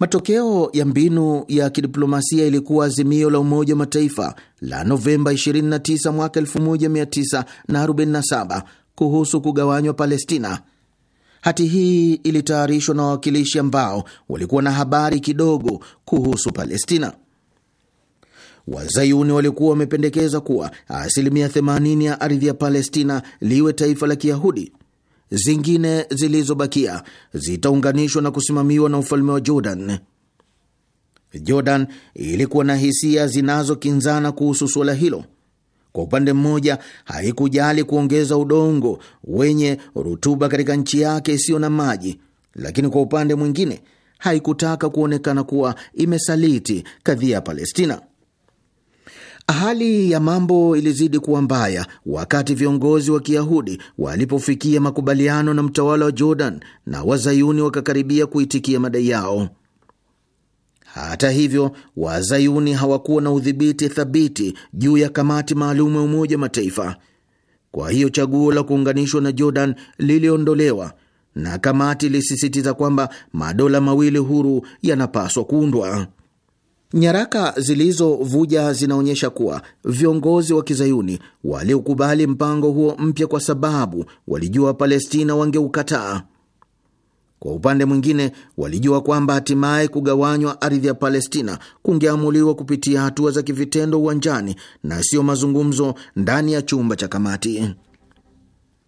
Matokeo ya mbinu ya kidiplomasia ilikuwa azimio la Umoja wa Mataifa la Novemba 29 mwaka 1947 kuhusu kugawanywa Palestina Hati hii ilitayarishwa na wawakilishi ambao walikuwa na habari kidogo kuhusu Palestina. Wazayuni walikuwa wamependekeza kuwa asilimia 80 ya ardhi ya Palestina liwe taifa la Kiyahudi. Zingine zilizobakia zitaunganishwa na kusimamiwa na ufalme wa Jordan. Jordan ilikuwa na hisia zinazokinzana kuhusu suala hilo. Kwa upande mmoja, haikujali kuongeza udongo wenye rutuba katika nchi yake isiyo na maji, lakini kwa upande mwingine, haikutaka kuonekana kuwa imesaliti kadhia ya Palestina. Hali ya mambo ilizidi kuwa mbaya wakati viongozi wa Kiyahudi walipofikia makubaliano na mtawala wa Jordan na wazayuni wakakaribia kuitikia madai yao. Hata hivyo, wazayuni hawakuwa na udhibiti thabiti juu ya kamati maalum ya Umoja Mataifa. Kwa hiyo chaguo la kuunganishwa na Jordan liliondolewa na kamati ilisisitiza kwamba madola mawili huru yanapaswa kuundwa. Nyaraka zilizovuja zinaonyesha kuwa viongozi wa kizayuni waliokubali mpango huo mpya kwa sababu walijua Palestina wangeukataa. Kwa upande mwingine, walijua kwamba hatimaye kugawanywa ardhi ya Palestina kungeamuliwa kupitia hatua za kivitendo uwanjani na siyo mazungumzo ndani ya chumba cha kamati.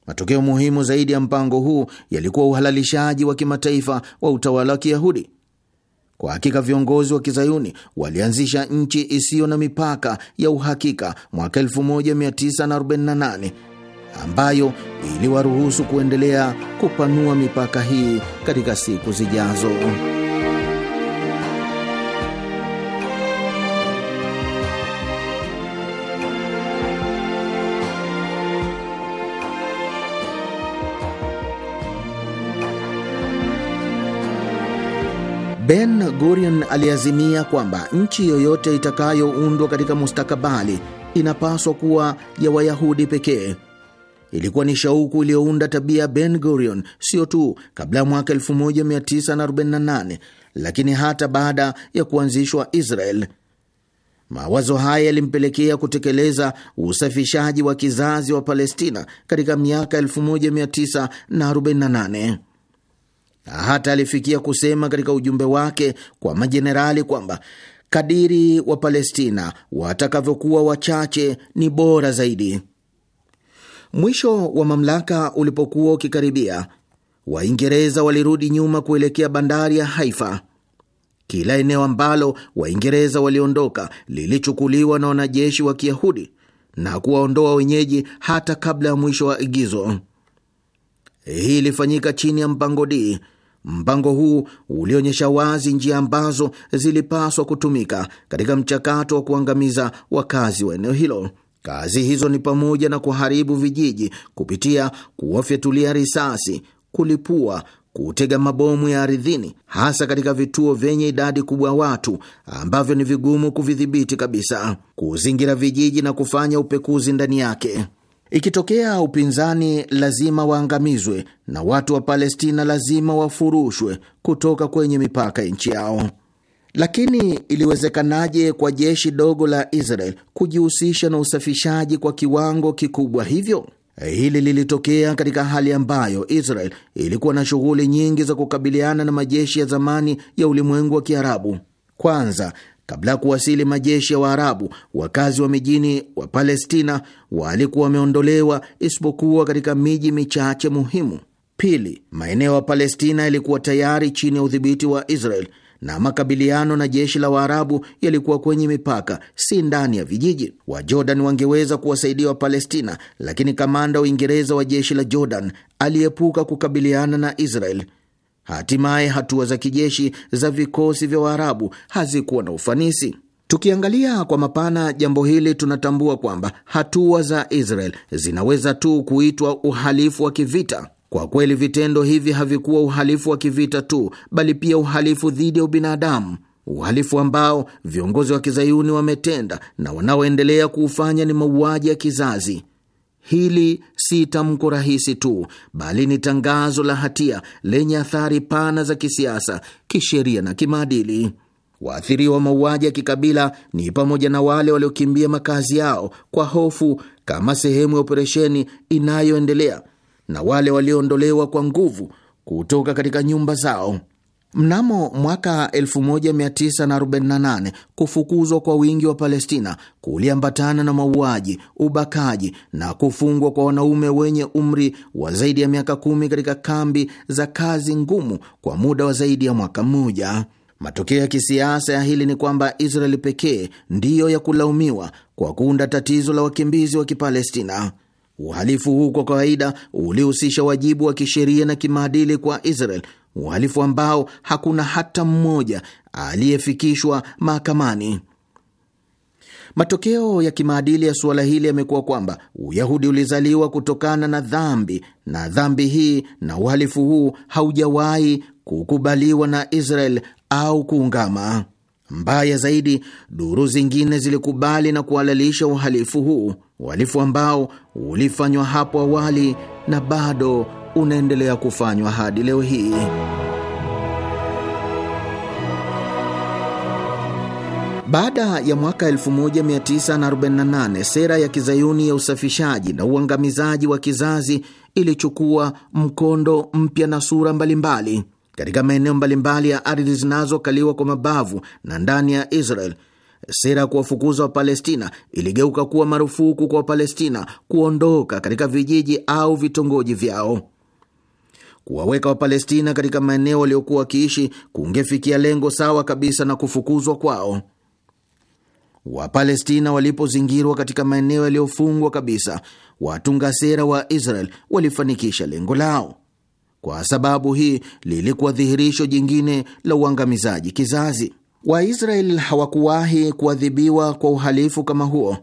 Matokeo muhimu zaidi ya mpango huu yalikuwa uhalalishaji wa kimataifa wa utawala wa Kiyahudi. Kwa hakika viongozi wa kizayuni walianzisha nchi isiyo na mipaka ya uhakika mwaka 1948 ambayo iliwaruhusu kuendelea kupanua mipaka hii katika siku zijazo. Ben Gurion aliazimia kwamba nchi yoyote itakayoundwa katika mustakabali inapaswa kuwa ya Wayahudi pekee ilikuwa ni shauku iliyounda tabia ya Ben Gurion sio tu kabla ya mwaka 1948 lakini hata baada ya kuanzishwa Israel. Mawazo haya yalimpelekea kutekeleza usafishaji wa kizazi wa Palestina katika miaka 1948. Hata alifikia kusema katika ujumbe wake kwa majenerali kwamba kadiri wa Palestina watakavyokuwa wachache ni bora zaidi. Mwisho wa mamlaka ulipokuwa ukikaribia, Waingereza walirudi nyuma kuelekea bandari ya Haifa. Kila eneo ambalo Waingereza waliondoka lilichukuliwa na wanajeshi wa Kiyahudi na kuwaondoa wenyeji hata kabla ya mwisho wa igizo. Hii ilifanyika chini ya mpango D. Mpango huu ulionyesha wazi njia ambazo zilipaswa kutumika katika mchakato wa kuangamiza wakazi wa eneo hilo. Kazi hizo ni pamoja na kuharibu vijiji kupitia kuwafyatulia risasi, kulipua, kutega mabomu ya ardhini, hasa katika vituo vyenye idadi kubwa ya watu ambavyo ni vigumu kuvidhibiti kabisa, kuzingira vijiji na kufanya upekuzi ndani yake. Ikitokea upinzani lazima waangamizwe na watu wa Palestina lazima wafurushwe kutoka kwenye mipaka ya nchi yao. Lakini iliwezekanaje kwa jeshi dogo la Israel kujihusisha na usafishaji kwa kiwango kikubwa hivyo? Hili lilitokea katika hali ambayo Israel ilikuwa na shughuli nyingi za kukabiliana na majeshi ya zamani ya ulimwengu wa Kiarabu. Kwanza, kabla ya kuwasili majeshi ya Waarabu, wakazi wa mijini wa Palestina walikuwa wameondolewa isipokuwa katika miji michache muhimu. Pili, maeneo ya Palestina yalikuwa tayari chini ya udhibiti wa Israel na makabiliano na jeshi la Waarabu yalikuwa kwenye mipaka, si ndani ya vijiji. Wajordan wangeweza kuwasaidia Wapalestina, lakini kamanda wa Uingereza wa jeshi la Jordan aliepuka kukabiliana na Israel. Hatimaye hatua za kijeshi za vikosi vya Waarabu hazikuwa na ufanisi. Tukiangalia kwa mapana jambo hili, tunatambua kwamba hatua za Israel zinaweza tu kuitwa uhalifu wa kivita. Kwa kweli vitendo hivi havikuwa uhalifu wa kivita tu, bali pia uhalifu dhidi ya ubinadamu, uhalifu ambao viongozi wa kizayuni wametenda na wanaoendelea kuufanya ni mauaji ya kizazi. Hili si tamko rahisi tu, bali ni tangazo la hatia lenye athari pana za kisiasa, kisheria na kimaadili. Waathiriwa wa mauaji ya kikabila ni pamoja na wale waliokimbia makazi yao kwa hofu, kama sehemu ya operesheni inayoendelea na wale walioondolewa kwa nguvu kutoka katika nyumba zao. Mnamo mwaka 1948 kufukuzwa kwa wingi wa Palestina kuliambatana na mauaji, ubakaji na kufungwa kwa wanaume wenye umri wa zaidi ya miaka kumi katika kambi za kazi ngumu kwa muda wa zaidi ya mwaka mmoja. Matokeo ya kisiasa ya hili ni kwamba Israeli pekee ndiyo ya kulaumiwa kwa kuunda tatizo la wakimbizi wa Kipalestina. Uhalifu huu kwa kawaida ulihusisha wajibu wa kisheria na kimaadili kwa Israel, uhalifu ambao hakuna hata mmoja aliyefikishwa mahakamani. Matokeo ya kimaadili ya suala hili yamekuwa kwamba Uyahudi ulizaliwa kutokana na dhambi, na dhambi hii na uhalifu huu haujawahi kukubaliwa na Israel au kuungama. Mbaya zaidi, duru zingine zilikubali na kuhalalisha uhalifu huu uhalifu ambao ulifanywa hapo awali na bado unaendelea kufanywa hadi leo hii. Baada ya mwaka 1948 sera ya kizayuni ya usafishaji na uangamizaji wa kizazi ilichukua mkondo mpya na sura mbalimbali katika maeneo mbalimbali ya ardhi zinazokaliwa kwa mabavu na ndani ya Israel sera ya kuwafukuza Wapalestina iligeuka kuwa marufuku kwa Wapalestina kuondoka katika vijiji au vitongoji vyao. Kuwaweka Wapalestina katika maeneo waliokuwa wakiishi kungefikia lengo sawa kabisa na kufukuzwa kwao. Wapalestina walipozingirwa katika maeneo yaliyofungwa kabisa, watunga sera wa Israel walifanikisha lengo lao. Kwa sababu hii, lilikuwa dhihirisho jingine la uangamizaji kizazi waisrael hawakuwahi kuadhibiwa kwa uhalifu kama huo.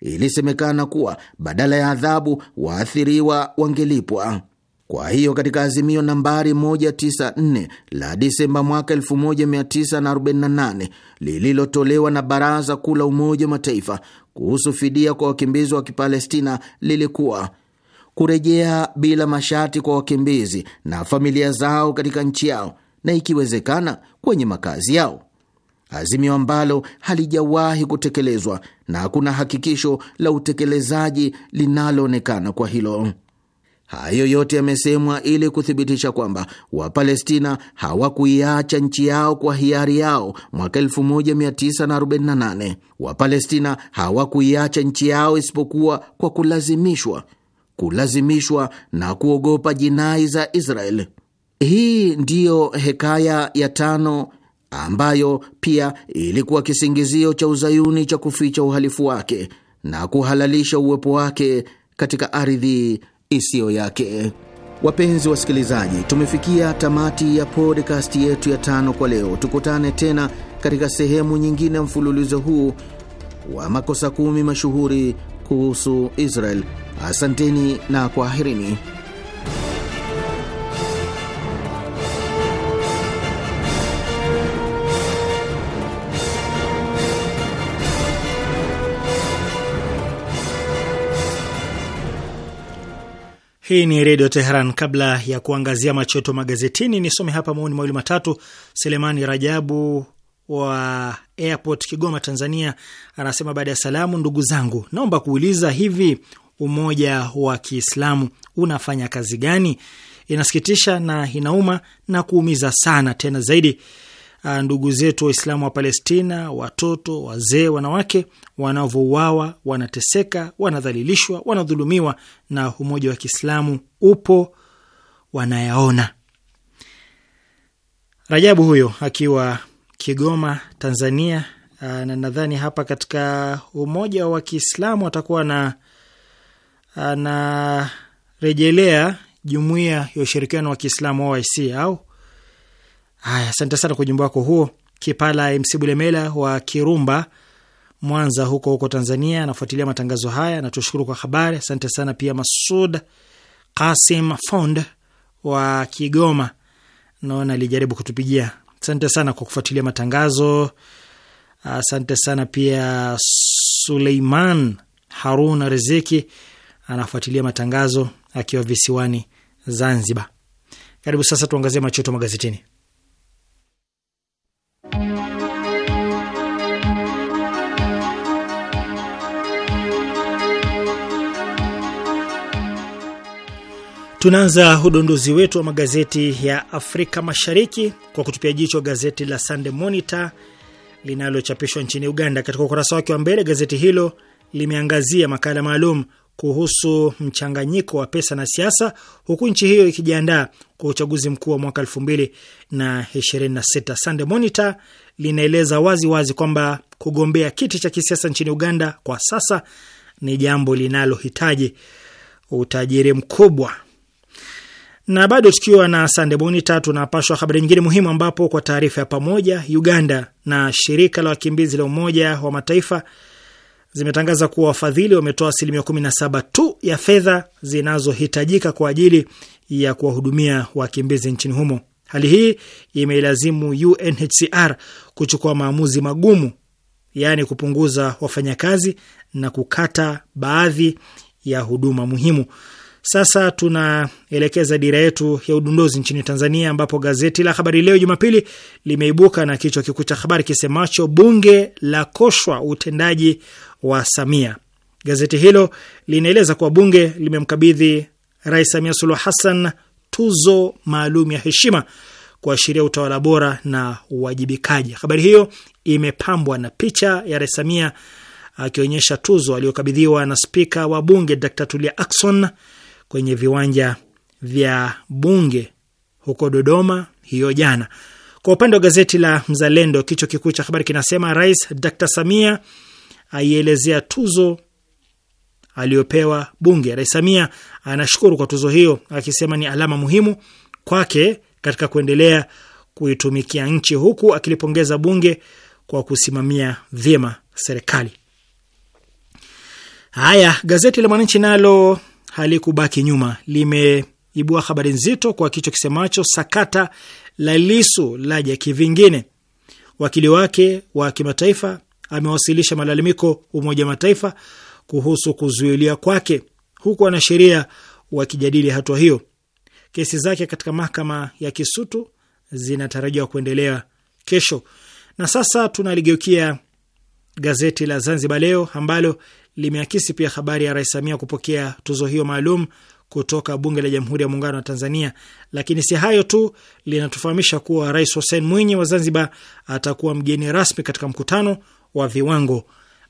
Ilisemekana kuwa badala ya adhabu waathiriwa wangelipwa. Kwa hiyo katika azimio nambari 194 la Disemba mwaka 1948 lililotolewa na Baraza Kuu la Umoja wa Mataifa kuhusu fidia kwa wakimbizi wa Kipalestina lilikuwa kurejea bila masharti kwa wakimbizi na familia zao katika nchi yao na ikiwezekana kwenye makazi yao azimio ambalo halijawahi kutekelezwa na hakuna hakikisho la utekelezaji linaloonekana kwa hilo. Hayo yote yamesemwa ili kuthibitisha kwamba Wapalestina hawakuiacha nchi yao kwa hiari yao mwaka 1948. Wapalestina hawakuiacha nchi yao isipokuwa kwa kulazimishwa, kulazimishwa na kuogopa jinai za Israel. Hii ndiyo hekaya ya tano ambayo pia ilikuwa kisingizio cha uzayuni cha kuficha uhalifu wake na kuhalalisha uwepo wake katika ardhi isiyo yake. Wapenzi wasikilizaji, tumefikia tamati ya podcast yetu ya tano kwa leo. Tukutane tena katika sehemu nyingine ya mfululizo huu wa makosa kumi mashuhuri kuhusu Israel. Asanteni na kwaherini. Hii ni Redio Teheran. Kabla ya kuangazia macheto magazetini, nisome hapa maoni mawili matatu. Selemani Rajabu wa Airport, Kigoma, Tanzania, anasema baada ya salamu, ndugu zangu, naomba kuuliza hivi, umoja wa Kiislamu unafanya kazi gani? Inasikitisha na inauma na kuumiza sana, tena zaidi Ah, ndugu zetu Waislamu wa Palestina, watoto, wazee, wanawake wanavyouawa, wanateseka, wanadhalilishwa, wanadhulumiwa na umoja wa Kiislamu upo wanayaona. Rajabu huyo akiwa Kigoma, Tanzania, ah, na nadhani hapa katika umoja wa Kiislamu atakuwa na anarejelea ah, jumuiya ya ushirikiano wa Kiislamu OIC au Haya, asante sana kwa ujumbe wako huo. Kipala MC Bulemela wa Kirumba, Mwanza huko huko Tanzania anafuatilia matangazo haya natushukuru kwa habari. Asante sana pia Masud Kasim Fond wa Kigoma, naona alijaribu kutupigia. Asante sana kwa kufuatilia matangazo. Asante sana pia Suleiman Harun Riziki anafuatilia matangazo akiwa visiwani Zanzibar. Karibu sasa tuangazie machoto magazetini. Tunaanza udondozi wetu wa magazeti ya Afrika Mashariki kwa kutupia jicho gazeti la Sunday Monitor linalochapishwa nchini Uganda. Katika ukurasa wake wa mbele, gazeti hilo limeangazia makala maalum kuhusu mchanganyiko wa pesa na siasa, huku nchi hiyo ikijiandaa kwa uchaguzi mkuu wa mwaka sita. Sunday Monitor linaeleza wazi wazi kwamba kugombea kiti cha kisiasa nchini Uganda kwa sasa ni jambo linalohitaji utajiri mkubwa na bado tukiwa na Sunday Bonita, tunapashwa habari nyingine muhimu, ambapo kwa taarifa ya pamoja, Uganda na shirika la wakimbizi la Umoja wa Mataifa zimetangaza kuwa wafadhili wametoa asilimia saba tu ya fedha zinazohitajika kwa ajili ya kuwahudumia wakimbizi nchini humo. Hali hii imeilazimu UNHCR kuchukua maamuzi magumu, yaani kupunguza wafanyakazi na kukata baadhi ya huduma muhimu. Sasa tunaelekeza dira yetu ya udunduzi nchini Tanzania, ambapo gazeti la Habari Leo Jumapili limeibuka na kichwa kikuu cha habari kisemacho bunge la koshwa utendaji wa Samia. Gazeti hilo linaeleza kuwa bunge limemkabidhi Rais Samia Suluhu Hassan tuzo maalum ya heshima kuashiria utawala bora na uwajibikaji. Habari hiyo imepambwa na picha ya Rais Samia akionyesha tuzo aliyokabidhiwa na spika wa bunge Dr Tulia Akson kwenye viwanja vya bunge huko Dodoma hiyo jana. Kwa upande wa gazeti la Mzalendo, kichwa kikuu cha habari kinasema Rais Dr Samia aielezea tuzo aliyopewa Bunge. Rais Samia anashukuru kwa tuzo hiyo, akisema ni alama muhimu kwake katika kuendelea kuitumikia nchi, huku akilipongeza Bunge kwa kusimamia vyema serikali. Haya, gazeti la Mwananchi nalo halikubaki nyuma, limeibua habari nzito kwa kichwa kisemacho sakata la Lisu laja kivingine. Wakili wake wa kimataifa amewasilisha malalamiko Umoja wa Mataifa kuhusu kuzuilia kwake, huku wanasheria wakijadili hatua hiyo. Kesi zake katika mahakama ya Kisutu zinatarajiwa kuendelea kesho. Na sasa tunaligeukia gazeti la Zanzibar Leo ambalo limeakisi pia habari ya Rais Samia kupokea tuzo hiyo maalum kutoka Bunge la Jamhuri ya Muungano wa Tanzania. Lakini si hayo tu, linatufahamisha kuwa Rais Hussein Mwinyi wa Zanzibar atakuwa mgeni rasmi katika mkutano wa viwango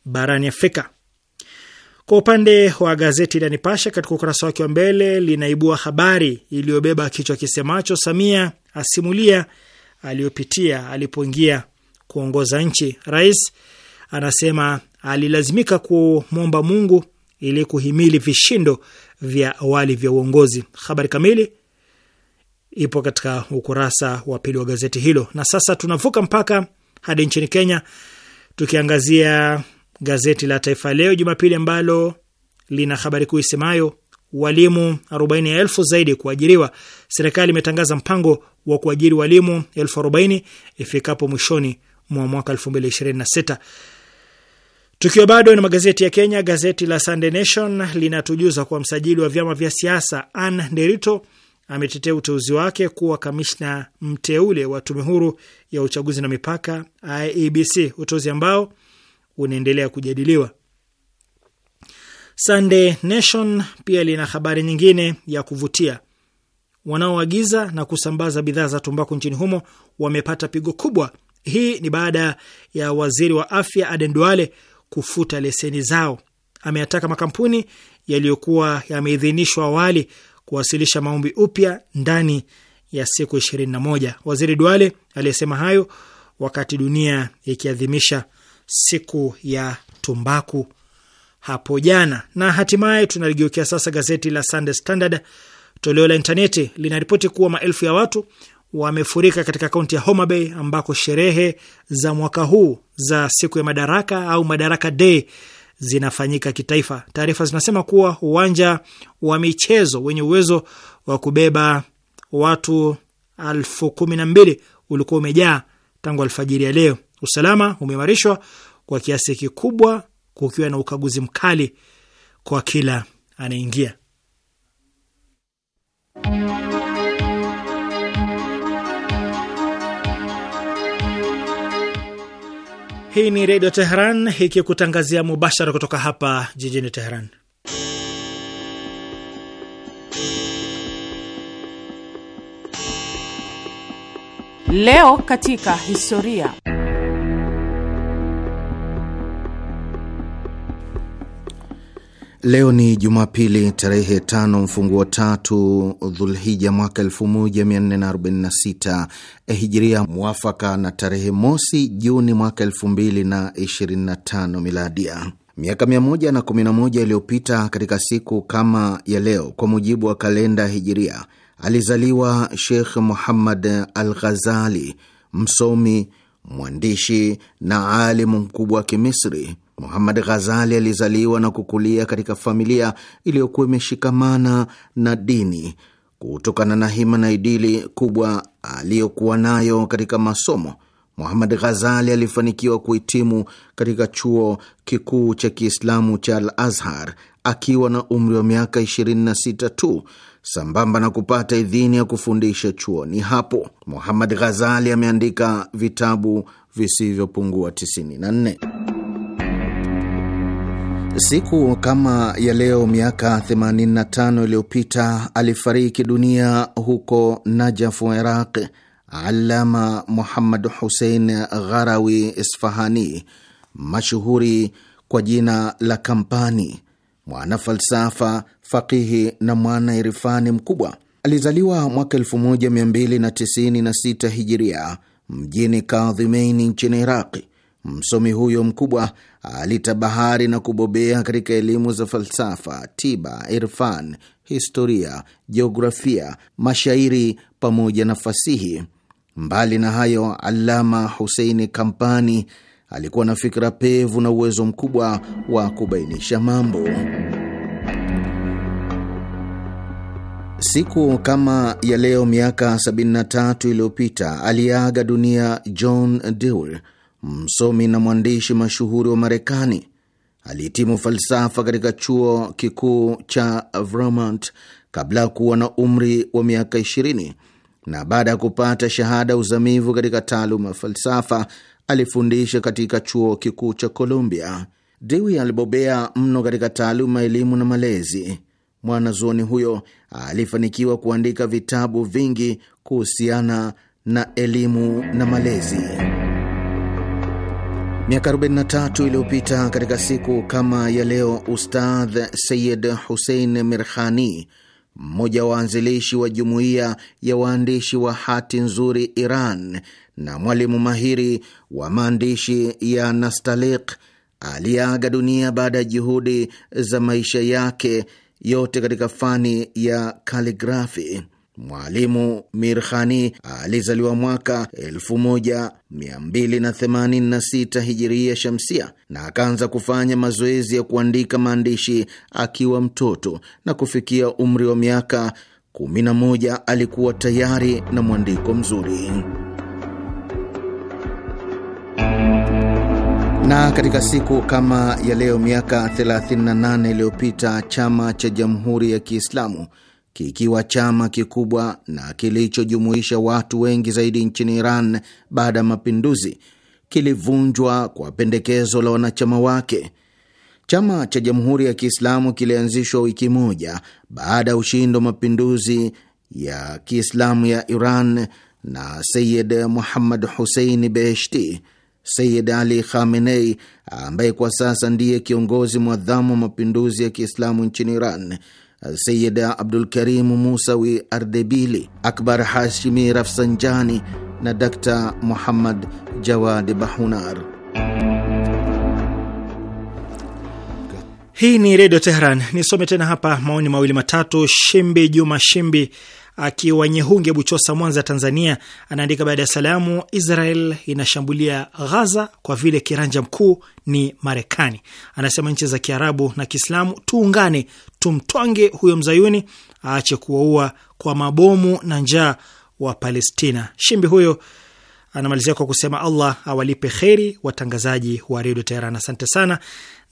barani Afrika. Kwa upande wa gazeti la Nipashe, katika ukurasa wake wa mbele linaibua habari iliyobeba kichwa kisemacho Samia asimulia aliyopitia alipoingia kuongoza nchi. Rais anasema alilazimika kumwomba Mungu ili kuhimili vishindo vya awali vya uongozi. Habari kamili ipo katika ukurasa wa pili wa gazeti hilo. Na sasa tunavuka mpaka hadi nchini Kenya, tukiangazia gazeti la Taifa Leo Jumapili ambalo lina habari kuu isemayo walimu arobaini zaidi kuajiriwa. Serikali imetangaza mpango wa kuajiri walimu elfu ifikapo mwishoni mwa mwaka elfu Tukiwa bado na magazeti ya Kenya, gazeti la Sunday Nation linatujuza kuwa msajili wa vyama vya siasa Ann Nderito ametetea uteuzi wake kuwa kamishna mteule wa tume huru ya uchaguzi na mipaka IEBC, uteuzi ambao unaendelea kujadiliwa. Sunday Nation pia lina habari nyingine ya kuvutia. Wanaoagiza na kusambaza bidhaa za tumbaku nchini humo wamepata pigo kubwa. Hii ni baada ya waziri wa afya Aden Duale kufuta leseni zao. Ameyataka makampuni yaliyokuwa yameidhinishwa awali kuwasilisha maombi upya ndani ya siku moja. Waziri Duale aliyesema hayo wakati dunia ikiadhimisha siku ya tumbaku hapo jana. Na hatimaye tunaligeukia sasa gazeti la Sunday Standard toleo la intaneti linaripoti kuwa maelfu ya watu wamefurika katika kaunti ya Homa Bay ambako sherehe za mwaka huu za siku ya madaraka au Madaraka Day zinafanyika kitaifa. Taarifa zinasema kuwa uwanja wa michezo wenye uwezo wa kubeba watu elfu kumi na mbili ulikuwa umejaa tangu alfajiri ya leo. Usalama umeimarishwa kwa kiasi kikubwa, kukiwa na ukaguzi mkali kwa kila anaingia. Hii ni Redio Teheran ikikutangazia mubashara kutoka hapa jijini Teheran. Leo katika historia Leo ni Jumapili tarehe tano mfunguo tatu Dhulhija mwaka 1446 eh, hijiria mwafaka na tarehe mosi Juni mwaka 2025 miladia. Miaka 111 iliyopita katika siku kama ya leo, kwa mujibu wa kalenda hijiria, alizaliwa Sheikh Muhammad Al Ghazali, msomi, mwandishi na alimu mkubwa wa Kimisri. Muhammad Ghazali alizaliwa na kukulia katika familia iliyokuwa imeshikamana na dini kutokana na hima na idili kubwa aliyokuwa nayo katika masomo. Muhammad Ghazali alifanikiwa kuhitimu katika chuo kikuu cha Kiislamu cha Al Azhar akiwa na umri wa miaka 26 tu, sambamba na kupata idhini ya kufundisha chuoni hapo. Muhammad Ghazali ameandika vitabu visivyopungua 94. Siku kama ya leo miaka 85 iliyopita alifariki dunia huko Najafu, Iraq, Alama Muhammad Husein Gharawi Isfahani, mashuhuri kwa jina la Kampani, mwana falsafa, fakihi na mwana irifani mkubwa. Alizaliwa mwaka 1296 hijiria mjini Kadhimeini nchini Iraqi. Msomi huyo mkubwa alitabahari na kubobea katika elimu za falsafa, tiba, irfan, historia, jiografia, mashairi pamoja na fasihi. Mbali na hayo, Alama Huseini Kampani alikuwa na fikra pevu na uwezo mkubwa wa kubainisha mambo. Siku kama ya leo miaka 73 iliyopita aliaga dunia John Dewey, msomi na mwandishi mashuhuri wa Marekani. Alihitimu falsafa katika chuo kikuu cha Vermont kabla ya kuwa na umri wa miaka 20 na baada ya kupata shahada uzamivu katika taaluma ya falsafa alifundisha katika chuo kikuu cha Columbia. Dewey alibobea mno katika taaluma ya elimu na malezi. Mwanazuoni huyo alifanikiwa kuandika vitabu vingi kuhusiana na elimu na malezi. Miaka 43 iliyopita katika siku kama ya leo, Ustadh Sayid Husein Mirkhani, mmoja wa waanzilishi wa jumuiya ya waandishi wa hati nzuri Iran na mwalimu mahiri wa maandishi ya Nastaliq, aliyeaga dunia baada ya juhudi za maisha yake yote katika fani ya kaligrafi. Mwalimu Mirkhani alizaliwa mwaka 1286 hijiria shamsia na akaanza kufanya mazoezi ya kuandika maandishi akiwa mtoto na kufikia umri wa miaka 11 alikuwa tayari na mwandiko mzuri. na katika siku kama ya leo miaka 38 iliyopita chama cha Jamhuri ya Kiislamu kikiwa chama kikubwa na kilichojumuisha watu wengi zaidi nchini Iran baada ya mapinduzi, kilivunjwa kwa pendekezo la wanachama wake. Chama cha Jamhuri ya Kiislamu kilianzishwa wiki moja baada ya ushindi wa mapinduzi ya Kiislamu ya Iran na Sayid Muhammad Husein Beheshti. Sayid Ali Khamenei, ambaye kwa sasa ndiye kiongozi mwadhamu wa mapinduzi ya Kiislamu nchini Iran, Uh, Sayid Abdul Karim Musawi Ardebili, Akbar Hashimi Rafsanjani na Dr Muhammad Jawad Bahunar. Hii ni Redio Teheran. Nisome tena hapa maoni mawili matatu. Shimbi Juma Shimbi akiwa Nyehunge, Buchosa, Mwanza, Tanzania, anaandika baada ya salamu, Israel inashambulia Ghaza kwa vile kiranja mkuu ni Marekani. Anasema nchi za Kiarabu na Kiislamu tuungane, tumtwange huyo mzayuni aache kuwaua kwa mabomu na njaa wa Palestina. Shimbi huyo anamalizia kwa kusema Allah awalipe kheri watangazaji wa redio Teheran. Asante sana,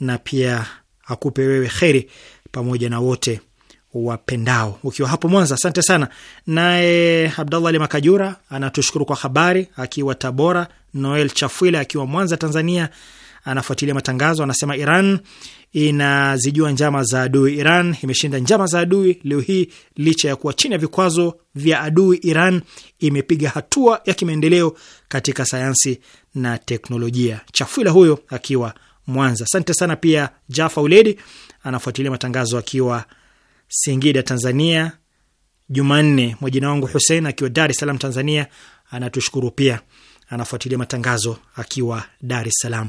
na pia akupe wewe kheri pamoja na wote wapendao ukiwa hapo Mwanza. Asante sana. Naye Abdallah Ali Makajura anatushukuru kwa habari akiwa Tabora. Noel Chafwile akiwa Mwanza, Tanzania, anafuatilia matangazo, anasema Iran inazijua njama za adui. Iran imeshinda njama za adui leo hii, licha ya kuwa chini ya vikwazo vya adui. Iran imepiga hatua ya kimaendeleo katika sayansi na teknolojia. Chafwila huyo akiwa Mwanza, asante sana. Pia Jafa Uledi anafuatilia matangazo akiwa Singida, Tanzania. Jumanne mwajina wangu Husein akiwa Dar es Salaam, Tanzania, anatushukuru pia, anafuatilia matangazo akiwa Dar es Salaam.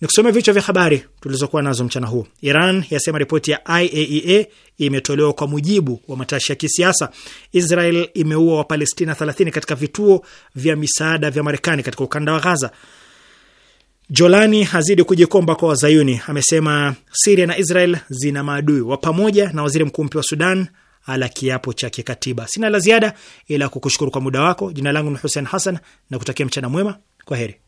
Ni kusomea vichwa vya habari tulizokuwa nazo mchana huu. Iran yasema ripoti ya IAEA e imetolewa kwa mujibu wa matashi ya kisiasa. Israel imeua Wapalestina 30 katika vituo vya misaada vya Marekani katika ukanda wa Gaza. Jolani hazidi kujikomba kwa Wazayuni. Amesema Siria na Israel zina maadui wa pamoja, na waziri mkuu mpya wa Sudan ala kiapo cha kikatiba. Sina la ziada ila kukushukuru kwa muda wako. Jina langu ni Hussein Hassan na kutakia mchana mwema. Kwa heri.